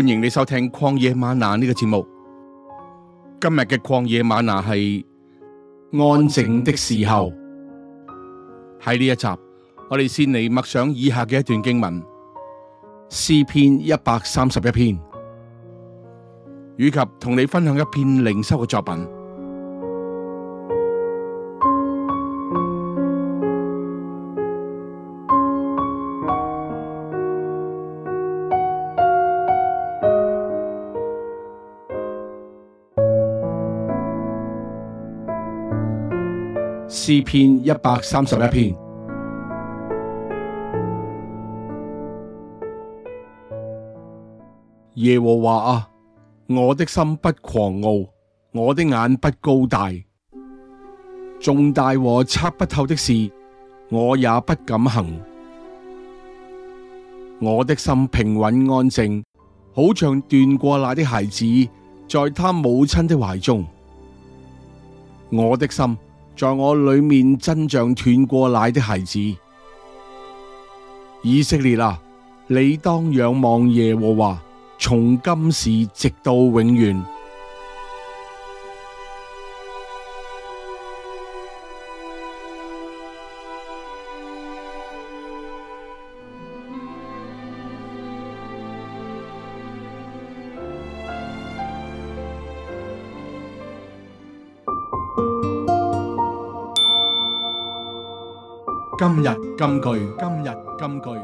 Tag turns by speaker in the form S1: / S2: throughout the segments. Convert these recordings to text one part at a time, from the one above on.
S1: 歡迎你收聽曠野嗎哪呢個節目。今日嘅曠野嗎哪係安靜的時候。喺呢一集，我哋先嚟默想以下嘅一段經文，詩篇一百三十一篇，以及同你分享一篇靈修嘅作品。詩篇一百三十一篇。耶和華啊，我的心不狂傲，我的眼不高大。重大和測不透的事，我也不敢行。我的心平穩安靜，好像斷過奶的孩子在他母親的懷中。我的心。在我裏面真像斷過奶的孩子，以色列啊，你當仰望耶和華，從今時直到永遠。今日金句，今日金句。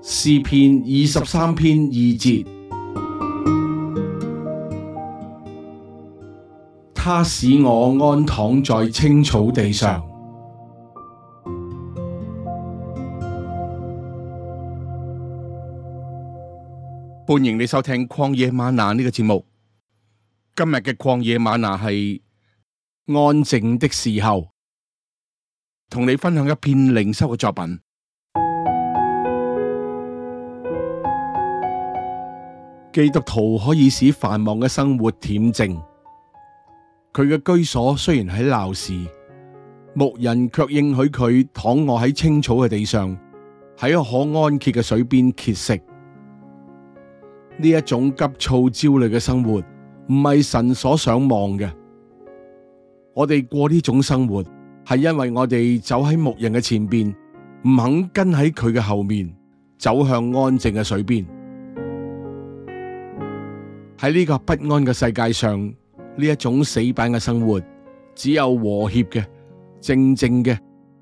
S1: 詩篇二十三篇二節，他使我安躺在青草地上。歡迎你收聽曠野嗎哪呢個節目。今日嘅曠野嗎哪係。安靜的時候，同你分享一篇靈修嘅作品。基督徒可以使繁忙嘅生活恬靜。佢嘅居所雖然喺鬧市，牧人卻應許佢躺臥喺青草嘅地上，喺一可安歇嘅水邊歇息。呢一種急躁焦慮嘅生活，唔係神所想望嘅。我哋過呢種生活，係因為我哋走喺牧人嘅前邊，唔肯跟喺佢嘅後面，走向安靜嘅水邊。喺呢個不安嘅世界上，呢一種死板嘅生活，只有和諧嘅、靜靜嘅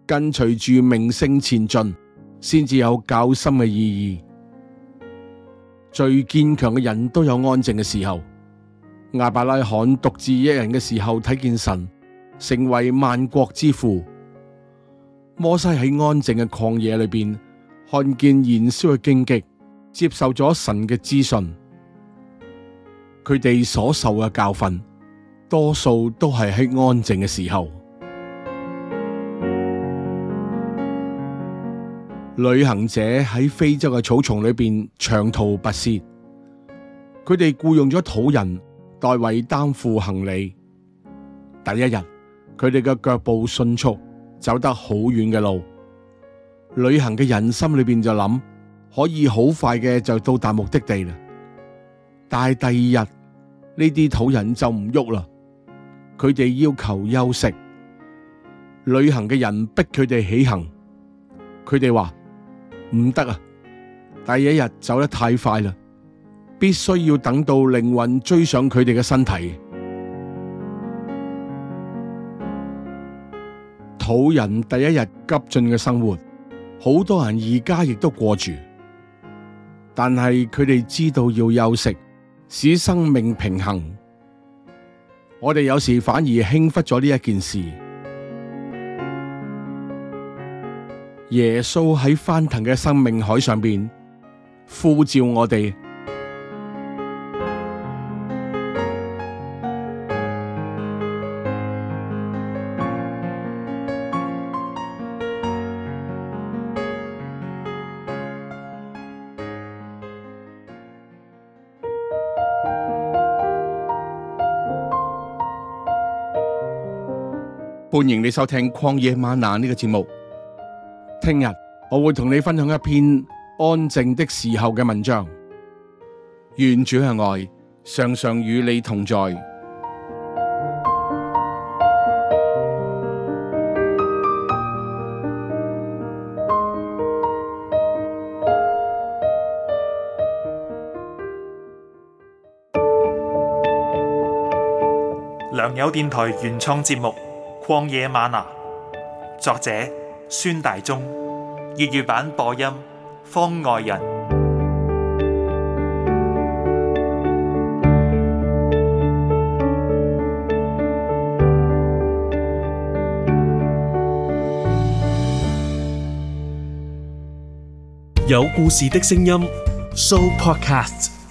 S1: 跟隨住明星前進，先至有較深嘅意義。最堅強嘅人都有安靜嘅時候，亞伯拉罕獨自一人嘅時候睇見神。成為萬國之父。摩西喺安靜嘅曠野裏邊，看見燃燒嘅荊棘，接受咗神嘅資訊。佢哋所受嘅教訓，多數都係喺安靜嘅時候。旅行者喺非洲嘅草叢裏邊長途跋涉，佢哋僱傭咗土人代為擔負行李。第一日。佢哋嘅腳步迅速，走得好遠嘅路。旅行嘅人心裏邊就諗，可以好快嘅就到達目的地啦。但係第二日呢啲土人就唔喐啦，佢哋要求休息。旅行嘅人逼佢哋起行，佢哋話唔得啊！第一日走得太快啦，必須要等到靈魂追上佢哋嘅身體。土人第一日急進嘅生活，好多人而家亦都過住，但係佢哋知道要休息，使生命平衡。我哋有時反而輕忽咗呢一件事。耶穌喺翻騰嘅生命海上邊呼召我哋。歡迎你收聽曠野嗎哪呢個節目。聽日我會同你分享一篇安靜的時候嘅文章。願主嘅愛，常常與你同在。良友電台原創節目。曠野嗎哪，作者孫大中，粵語版播音方外人，有故事的聲音，Show Podcast。